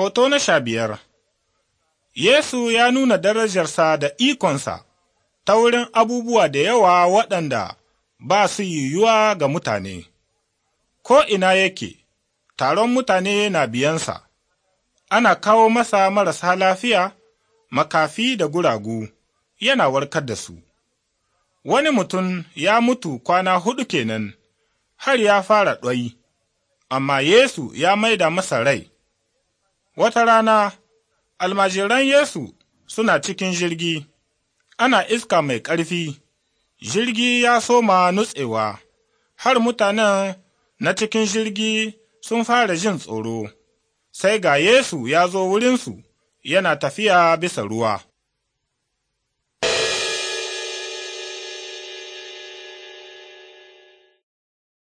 Hoto na sha biyar Yesu ya nuna darajarsa da ikonsa ta wurin abubuwa da yawa waɗanda ba su yiwuwa ga mutane, ko ina yake, taron mutane na biyansa, ana kawo masa marasa lafiya, makafi da guragu, yana warkar da su. Wani mutum ya mutu kwana huɗu kenan, har ya fara ɗwai, amma Yesu ya maida masa rai. Wata rana, almajiran Yesu suna cikin jirgi, ana iska mai ƙarfi, jirgi ya soma nutsewa, har mutanen na cikin jirgi sun fara jin tsoro, sai ga Yesu ya zo wurinsu yana tafiya bisa ruwa.